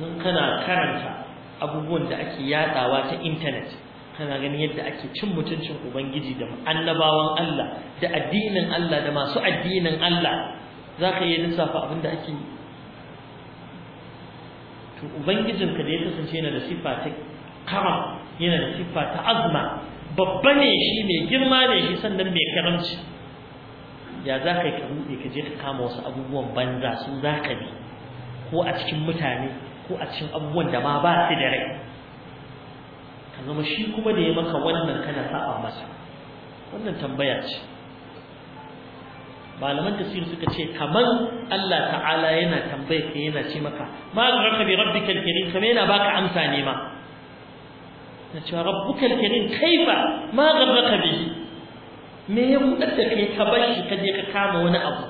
nun kana karanta abubuwan da ake yadawa ta intanet kana gani yadda ake cin mutuncin ubangiji da annabawan Allah da addinin Allah da masu addinin Allah za ka iya lissafa abin da ake yi to ubangijinka da ya kasance yana da siffa ta kama yana da siffa ta azma babba ne shi mai girma ne shi sannan mai karamci ya za ka yi ka ruɗe ka je ka kama wasu abubuwan banza su za ka bi ko a cikin mutane ko a cikin abubuwan da ma ba su da rai ka zama shi kuma da ya maka wannan kana sa'a masa wannan tambaya ce malaman siri suka ce kamar Allah ta'ala yana tambaye ka yana ce maka ma rabbi rabbikal kamar yana baka amsa ne ma na cewa rabbukal karim kaifa ma gharraka bihi me ya kudar da kai ka bar shi ka je ka kama wani abu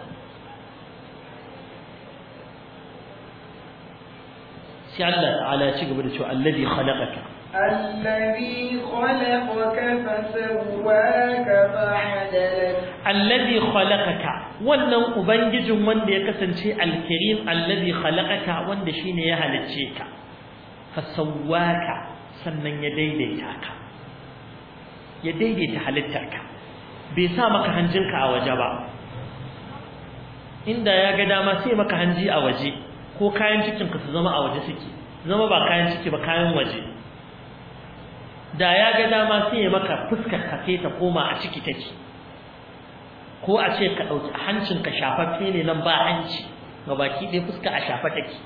sai Allah ta'ala ci gaba da cewa alladhi khalaqaka alladhi khalaqaka fasawwaka fa'adalak alladhi khalaqaka wannan ubangijin wanda ya kasance alkarim alladhi khalaqaka wanda shine ya halicce ka fasawwaka sannan ya daidaita ka ya daidaita halittarka bai sa maka hanjinka a waje ba inda ya ga dama sai maka hanji a waje ko kayan cikinka su zama a waje suke zama ba kayan ciki ba kayan waje da ya ga dama sai ya maka fuskar ka sai ta koma a ciki take ko a ce ka ɗauki hancinka shafaffe ne nan ba hanci ga baki ɗaya fuska a shafa take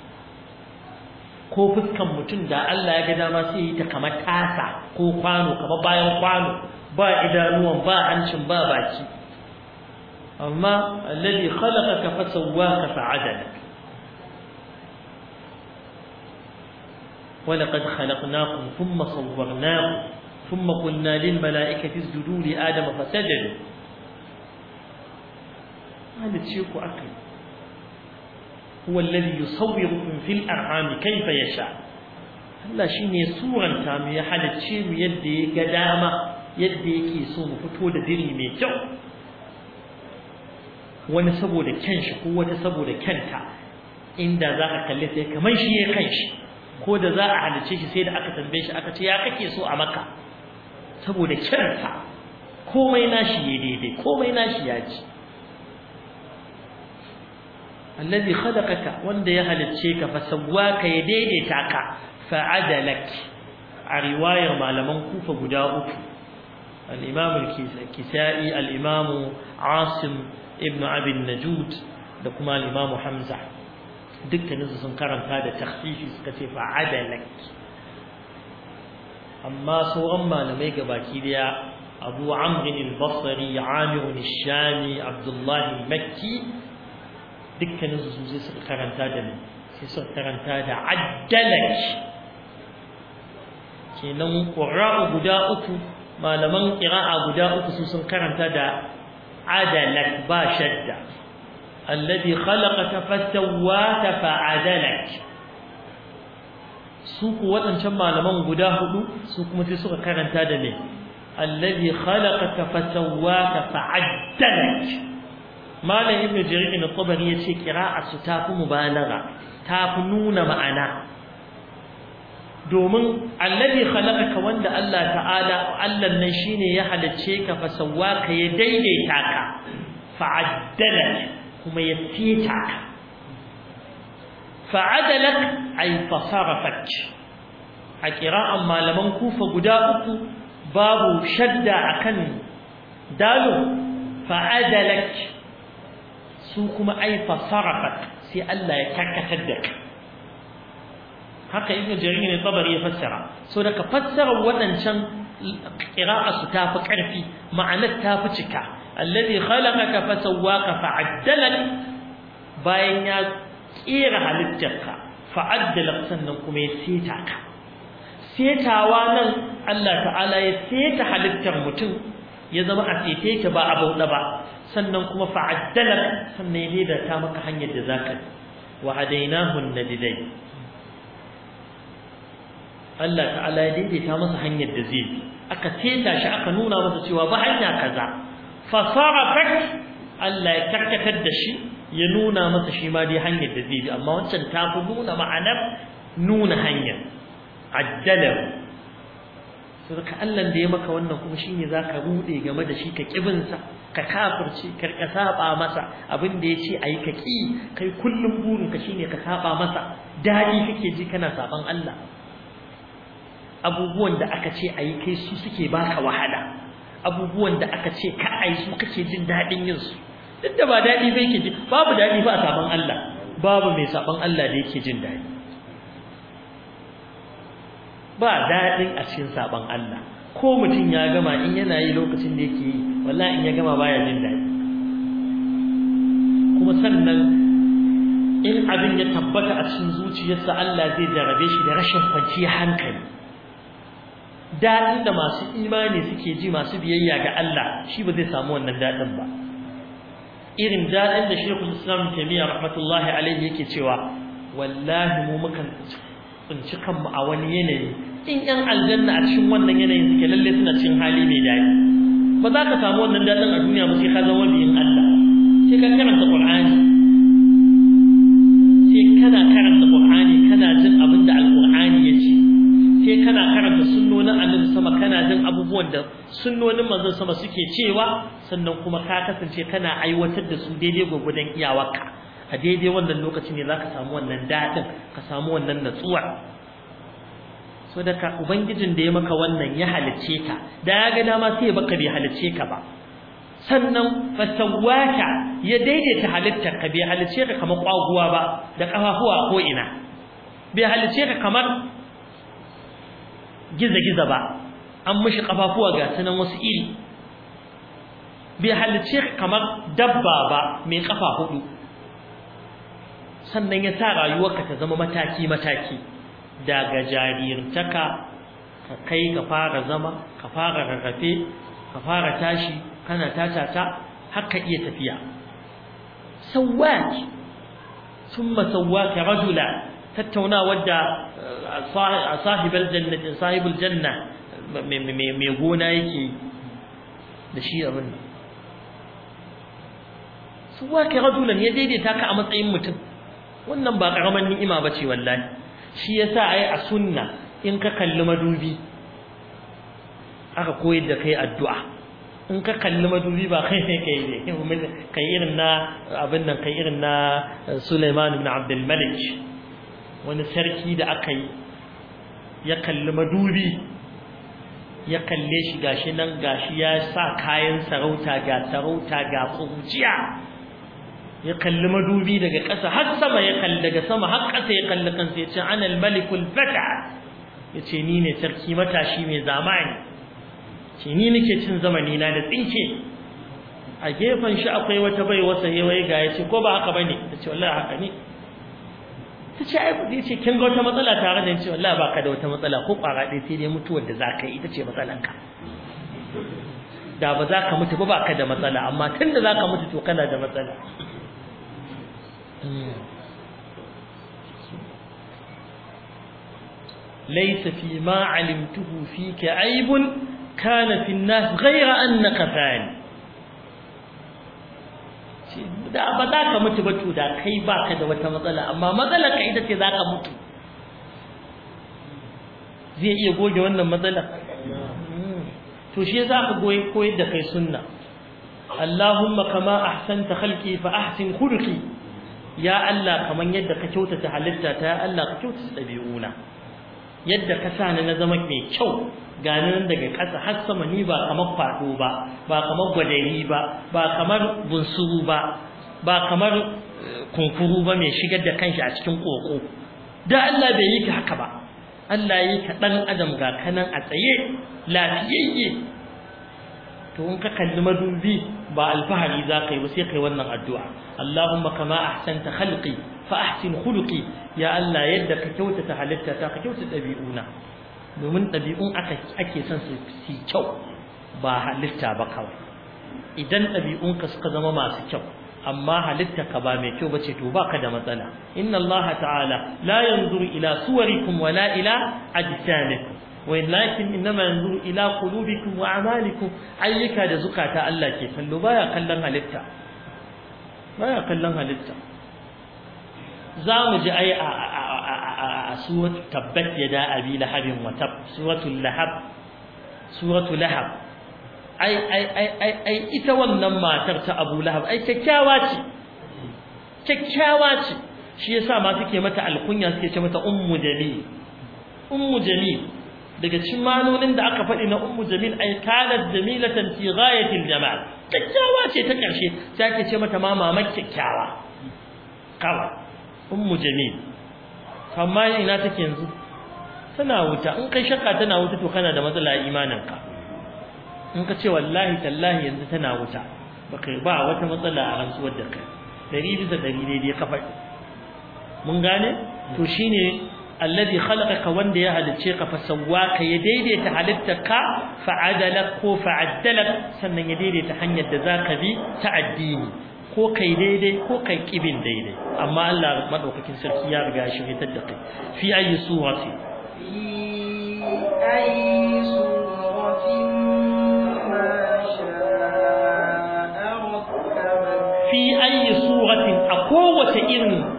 ko fuskan mutun da Allah ya ga dama sai yi ta kamar tasa ko kwano kamar bayan kwano ba idanuwan ba hancin ba baki amma alladhi khalaqaka fa sawwaka fa wa laqad adalak ولقد خلقناكم ثم صورناكم ثم قلنا للملائكة اسجدوا لآدم فسجدوا هذا الشيء akai huwa alladhi yusawwirukum fil arhami kayfa yasha Allah shine suranta mu ya halicce mu yadda ya ga dama yadda yake so mu fito da diri mai kyau wani saboda kyan shi ko wata saboda kyanta inda za ka kalle sai kamar shi ya kan shi ko da za a halice shi sai da aka tambaye shi aka ce ya kake so a maka saboda kyanta komai nashi ya daidai komai nashi ya ji. alladhi khalaqaka wanda ya halicce ka fa sawwaka ya daidaita ka fa adalak a riwayar malaman kufa guda uku al-imam al-kisai al-imam asim ibn abi najud da kuma al-imam hamza dukkaninsu sun karanta da takhfifi suka ce fa adalak amma sauran malamai gabaki daya abu amr al-basri amir al-shami abdullah al-makki dukkanin su sai suka karanta da ni sai suka karanta da addalak kenan qura'u guda uku malaman qira'a guda uku su sun karanta da adalak ba shadda alladhi khalaqa fasawwa fa'adalak su ku waɗancan malaman guda hudu su kuma sai suka karanta da ne allazi khalaqaka fasawwaka fa'addalak malam ibnu jarir ibn tabari yace qira'atu ta fi mubalagha ta fi nuna ma'ana domin allazi khalaqaka wanda Allah ta'ala Allah nan shine ya halacce ka fa sawwaka ya daidaita ka fa'addalaka kuma ya tita ka fa'adalak ay fasarafak a qira'an malaman kufa guda uku babu shadda akan dalu fa'adalak su kuma ai fasarafat sai Allah ya karkatar da ka haka ibnu jarir ne tabari ya fassara so ka fassarar waɗancan qira'atu ta fi ƙarfi ma'anar ta fi cika allazi khalaqaka fa sawwaka fa addalak bayan ya kera halittarka fa addalak sannan kuma ya seta ka setawa nan Allah ta'ala ya seta halittar mutum ya zama a sete ta ba a bauɗa ba sannan kuma fa'addalak sannan ya da maka hanyar da zaka wa hadainahu nadidai Allah ta'ala ya daidaita masa hanyar da zai bi aka teta shi aka nuna masa cewa ba hanya kaza fa sarafak Allah ya takkatar da shi ya nuna masa shi ma dai hanyar da zai bi amma wancan ta fi nuna ma'anar nuna hanyar ajjalahu saboda Allah da ya maka wannan kuma shine zaka buɗe game da shi ka kibinsa ka kafirci ka ka saba masa abin da yace ayi ka ki kai kullum burin ka shine ka saba masa dadi kake ji kana saban Allah abubuwan da aka ce ayi kai su suke baka wahala abubuwan da aka ce ka ayi su kake jin dadin yin su duk da ba dadi bai ke ji babu dadi ba saban Allah babu mai saban Allah da yake jin dadi ba dadin a cikin saban Allah ko mutum ya gama in yana yi lokacin da yake yi wallahi in ya gama baya jin daɗi kuma sannan in abin ya tabbata a cikin zuciyarsa Allah zai jarabe shi da rashin kwanciyar hankali daɗin da masu imani suke ji masu biyayya ga Allah shi ba zai samu wannan daɗin ba irin daɗin da shekul samun taimiyya rahmatullahi alaihi yake cewa wallahi mu mukan tsinci kanmu a wani yanayi in yan aljanna a cikin wannan yanayin suke lalle suna cikin hali mai daɗi ba za ka samu wannan dadin a duniya ba sai ka zama biyin Allah sai ka karanta Qur'ani sai kana karanta Qur'ani kana jin abin da Al-Qur'ani ya ce sai kana karanta sunnonin Annabi sama kana jin abubuwan da sunnonin manzon sama suke cewa sannan kuma ka kasance kana aiwatar da su daidai gwagwadon iyawarka a daidai wannan lokaci ne za ka samu wannan dadin ka samu wannan natsuwar so ka, ubangijin da ya maka wannan ya halicce ka da ya ga dama sai ya baka bai halicce ka ba sannan fasawaka ya daidaita halittar ka bai halicce ka kamar kwaguwa ba da kafafuwa ko ina bai halicce ka kamar giza-giza ba an mishi kafafuwa ga sanan wasu iri bai halicce ka kamar dabba ba mai kafa hudu sannan ya sa rayuwarka ta zama mataki-mataki daga jarirtaka ka kai ka fara zama ka fara rarrafe ka fara tashi kana tatata haka iya tafiya sawwat thumma sawwaka rajula tattauna wadda uh, sahibul jannati sahibul janna mai gona yake da shi abin sawwaka rajulan ya daidaita ka a matsayin mutum wannan ba karaman ni'ima bace wallahi shi yasa ai a sunna in ka kalli madubi aka koyar da kai addu'a in ka kalli madubi ba kai ne kai ne kai irin na abin nan kai irin na Sulaiman ibn Abdul wani sarki da aka yi ya kalli madubi ya kalle shi gashi nan gashi ya sa kayan sarauta ga sarauta ga kuciya ya kalli madubi daga ƙasa har sama ya kalli daga sama har ƙasa ya kalli kansa ya ce anal malikul fata ya ce ni ne sarki matashi mai zamani ce ni nake cin zamani na da tsinke a gefen shi akwai wata bai wasa wai ga ya ce ko ba haka bane ta ce wallahi haka ne ta ce ai kudi ce kin ga wata matsala tare da ce wallahi baka da wata matsala ko kwara ɗaya sai dai mutuwar da za ka yi ita ce matsalanka da ba za ka mutu ba baka da matsala amma tun da za ka mutu to kana da matsala ليس فيما علمته فيك عيب كان في الناس غير أنك فعل da ba za ka mutu ba to da kai ba ka da wata matsala amma matsala ka ita ce za ka mutu zai iya goge wannan matsala. to shi za ka goyi koyar da kai sunna Allahumma kama ahsanta khalqi fa ahsin khulqi ya Allah kaman yadda ka kyautata halitta ta ya Allah ka kyautata dabi'una yadda ka sa ni na zama mai kyau ga nan daga ƙasa har sama ni ba kamar fado ba ba kamar gwadayi ba ba kamar bunsuru ba ba kamar eh, kunkuru ba mai shigar da kanshi a cikin ƙoƙo da Allah bai yi ka haka ba Allah yi ka ɗan adam ga kanan a tsaye lafiyayye to in ka kalli madubi ba alfahari za ka yi ba sai kai wannan addu'a Allahumma kama ta halki fa ahsin khuluqi ya Allah yadda ka kyautata halitta ta ka kyauta ɗabi'una domin ɗabi'un ake son su kyau ba halitta ba kawai idan ɗabi'un ka suka zama masu kyau amma halitta ka ba mai kyau bace to baka da matsala inna Allah ta'ala la yanzuru ila suwarikum wala ila ajsamikum walakin innama yanzuru ila qulubikum wa a'malikum ayyuka da zukata Allah ke kallo baya kallon halitta baya kallon halitta zamu ji ai a surat tabbat yada abi lahabin wa tab suratul lahab suratul lahab ai ai ai ai ai ita wannan matar ta Abu Lahab ai kyakkyawa ce kyakkyawa ce shi yasa ma suke mata alkunya suke ce mata ummu jamil ummu jamil daga cikin manonin da aka faɗi na ummu jamil ai kanat jamilatan fi ghayatil jamal kyakkyawa ce ta karshe ta ke ce mata ma mamar kyakkyawa kawa ummu jamil amma ina take yanzu tana wuta in kai shakka tana wuta to kana da matsala imanin ka in ka ce wallahi tallahi yanzu tana wuta baka ba wata matsala a rantsuwar da kai dari bisa dari daidai ka mun gane to shine alladhi khalaqaka wanda ya halicce ka fa ya daidaita halittarka fa adalak ko fa addalak sannan ya daidaita hanyar da zaka bi ta addini ko kai daidai ko kai kibin daidai amma Allah madaukakin sarki ya riga shi ta da fi ayi surati ayi suratin fi ayi suratin a kowace irin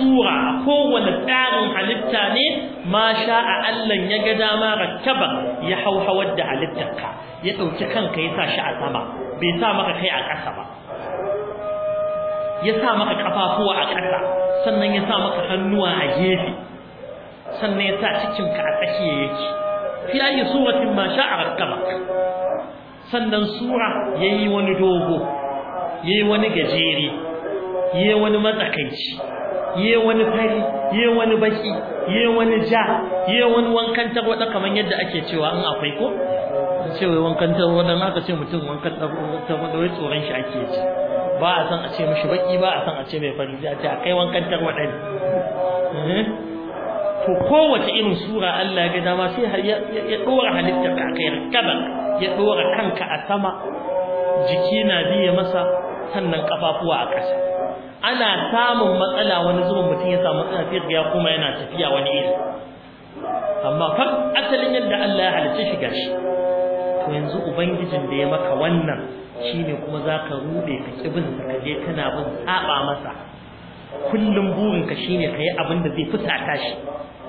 sura a kowane tsarin halitta ne ma a Allah ya ga dama rattaba ya hauhawar da halittarka ya dauki kanka ya sa shi a sama bai sa maka kai a ƙasa ba ya sa maka kafafuwa a ƙasa sannan ya sa maka hannuwa a gefe sannan ya sa cikinka a tsakiya yake fi ayi suratin ma a rattaba sannan sura yayi wani dogo yayi wani gajeri yi wani matsakaici yi wani fari yi wani baki yi wani ja yi wani wankan tarwada kamar yadda ake cewa in akwai ko ce wai wankan tarwada aka ce mutum wankan tarwada wai tsoron shi ake ci ba a san a ce mishi baki ba a san a ce mai fari a ce a kai wankan tarwada ne eh? to kowace irin sura Allah ga dama sai ya dora da aka yi kaba ya dora kanka a sama jiki na biye masa sannan kafafuwa a ƙasa ana samun matsala wani zuwan mutum ya samu matsala sai ya kuma yana tafiya wani iri amma fa asalin yadda Allah ya halice shi gashi to yanzu ubangijin da ya maka wannan shine kuma zaka rube ka kibin ka je kana bin saba masa kullum burin ka shine kai abin da zai fusata shi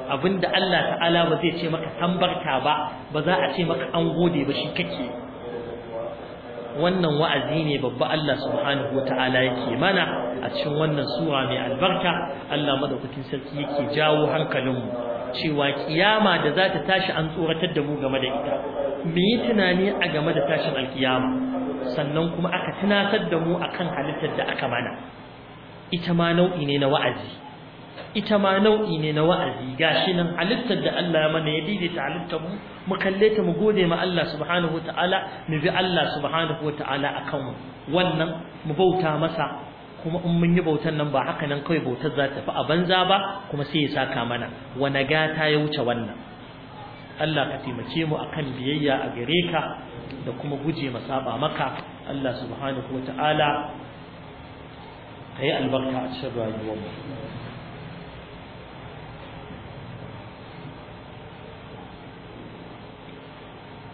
abin da Allah ta'ala ba zai ce maka tambarta ba ba za a ce maka an gode ba shi kake wannan wa'azi ne babba Allah subhanahu wata'ala yake mana a cikin wannan sura mai albarka Allah madaukakin sarki yake jawo hankalinmu cewa kiyama da za ta tashi an tsoratar da mu game da ita mu yi tunani a game da tashin alkiyama sannan kuma aka tunatar da mu akan halittar da aka mana ita ma nau'i ne na wa'azi ita ma nau'i ne na wa'azi gashi nan halittar da Allah mana ya daidaita halittar mu mu kalle ta mu gode ma Allah subhanahu wataala mu bi Allah subhanahu wataala akan wannan mu bauta masa kuma in mun yi bautan nan ba haka nan kawai bautar za ta fi a banza ba kuma sai ya saka mana wani gata ya wuce wannan Allah ka taimake mu akan biyayya a gare ka da kuma guje masaba maka Allah subhanahu wataala ka yi albarka a cikin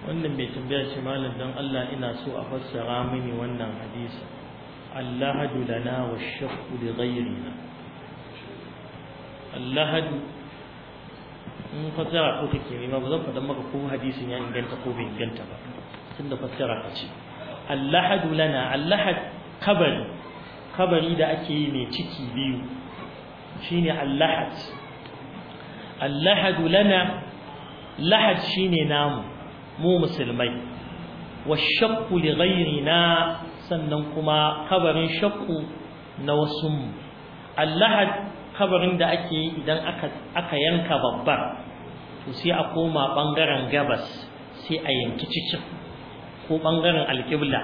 wannan mai tambaya shi malam dan Allah ina so a fassara mini wannan hadisi Allahadu lana wa shakku li ghayrina Allahadu in fassara ko take ne ba zan faɗa maka ko hadisin ya inganta ko bai inganta ba tunda fassara ka ce Allahadu lana Allahad kabari kabari da ake yi mai ciki biyu shine Allahad Allahadu lana lahad shine namu mu musulmai wa shakku li na sannan kuma kabarin shakku na wasu mu allahad kabarin da ake yi idan aka aka yanka babbar to sai a koma bangaren gabas sai a yanki cikin ko bangaren alƙibla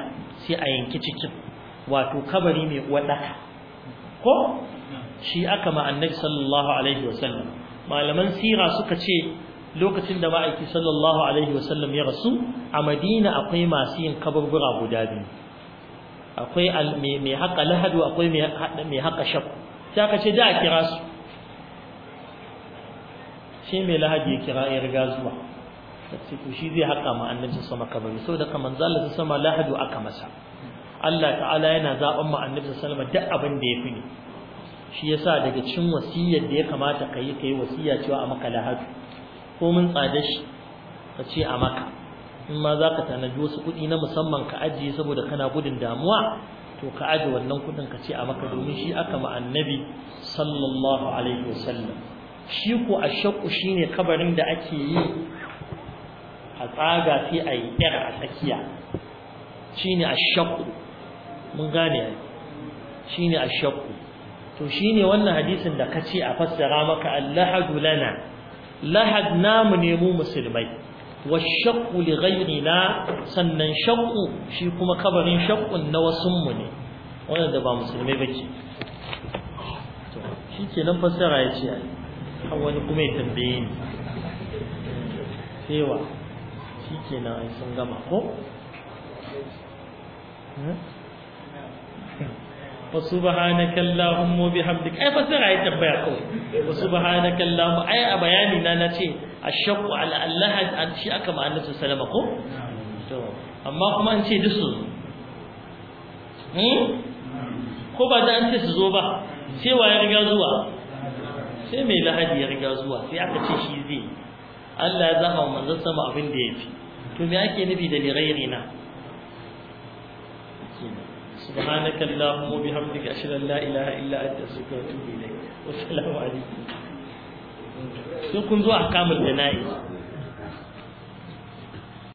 sai a yanki cikin wato kabari mai wadaka ko shi aka ma annabi sallallahu alaihi wasallam malaman sira suka ce lokacin da ma'aiki sallallahu alaihi wasallam ya rasu a madina akwai masu yin kaburbura guda biyu akwai mai haƙa lahadu akwai mai haƙa shaf sai aka ce da a kira su shi mai lahadi ya kira ya riga zuwa sai to shi zai haƙa ma annabi sama kabari saboda kaman zalla ta sama lahadu aka masa Allah ta'ala yana zaɓan ma annabi sallama duk abin da ya fi ne shi yasa daga cin wasiyar da ya kamata ka yi ka yi wasiya cewa a maka lahadu Ko mun tsada shi ka ce a maka in ma za ka tanadi wasu kuɗi na musamman ka ajiye saboda kana gudun damuwa to ka aje wannan kuɗin ka ce a maka domin shi aka ma annabi sallallahu alaihi wasallam shi ko a shakku ne kabarin da ake yi a tsaga sai a yi ɗar a tsakiya shine a shakku mun gane shi ne a shakku to ne wannan hadisin da ka ce a fassara maka allahadu lana lahad namu ne mu musulmai wa shakku li ghayrina sannan shakku shi kuma kabarin shaqqun na wasun mu ne wanda ba musulmai bace to shikenan fassara ce ai wani kuma ya tambaye ni cewa shikenan ai sun gama ko hmm? وسبحانك اللهم وبحمدك اي فسر اي تبايا كوي وسبحانك اللهم اي بياني نا نتي الشق على الله ان شي aka ma annabi sallama ko amma kuma an ce dusu hmm ko ba da an ce su zo ba sai wa ya riga zuwa sai mai lahadi ya riga zuwa sai aka ce shi zai Allah ya zama manzon sama abin da yafi to me ake nufi da lirairina سبحانك اللهم وبحمدك أشهد أن لا إله إلا أنت أستغفرك وأتوب إليك والسلام عليكم. يكون ذو أحكام الجنائز